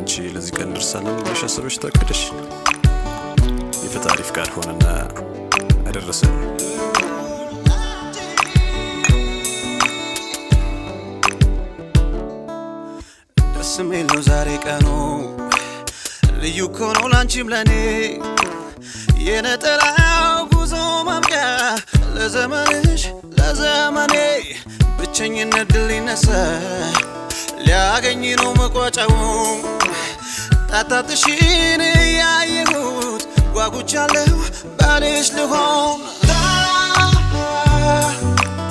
አንቺ ለዚህ ቀን ደርሰናል ብለሽ አሰበሽ ታቅደሽ የፈጣሪ ፍቃድ ሆነና አደረሰን። ደስ የሚለው ዛሬ ቀኑ ልዩ ከሆኖ ላንቺም ለኔ የነጠላው ጉዞ ማምቂያ ለዘመንሽ ለዘመኔ ብቸኝነት ድል ይነሳ ሊያገኝ ነው መቋጫው። ጣጣጥሽን ያየሁት ጓጉቻለሁ ባልሽ ልሆን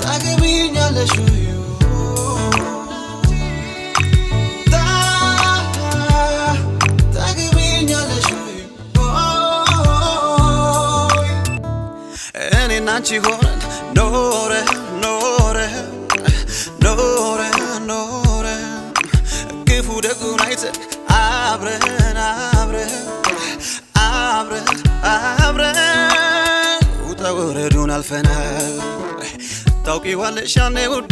ታገቢኛለሽ እኔና አንቺ ሆነን ኖረን አብረን አብረን አብረን አብረን ውጣ ወረዱን አልፈናል። ታውቂዋለሽ ያኔ ውዴ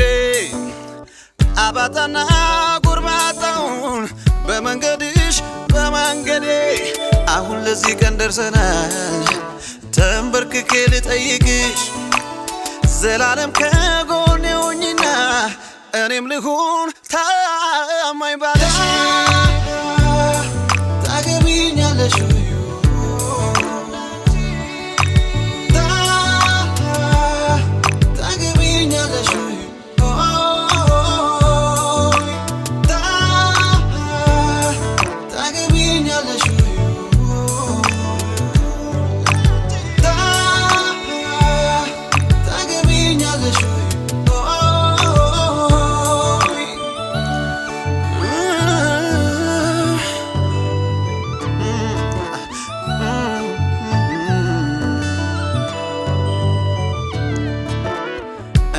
አባጣና ጎርባጣውን በመንገድሽ በመንገዴ አሁን ለዚህ ቀን ደርሰናል። ተንበርክኬ ልጠይቅሽ ዘላለም ከጎኔ ሆኝና እኔም ልሁን ታማኝ ባለሽ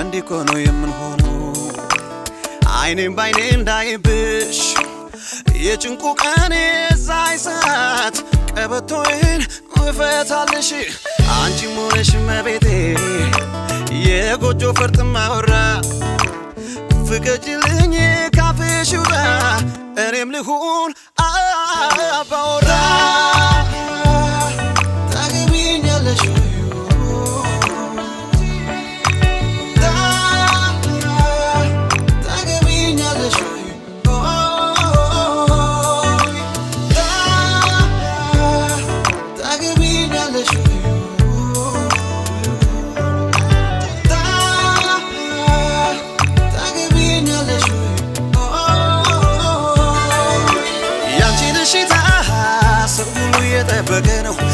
እንዲህ እኮ ነው አይኔም ባይኔ እንዳይብሽ የጭንቁ ቀን የዛይ ሰዓት ቀበቶይን እፈታልሽ አንቺ ሆነሽ መቤቴ የጎጆ ፈርጥ ማወራ ፍቀጅልኝ ካፌሽ እኔም ልሁን አባወራ Never gonna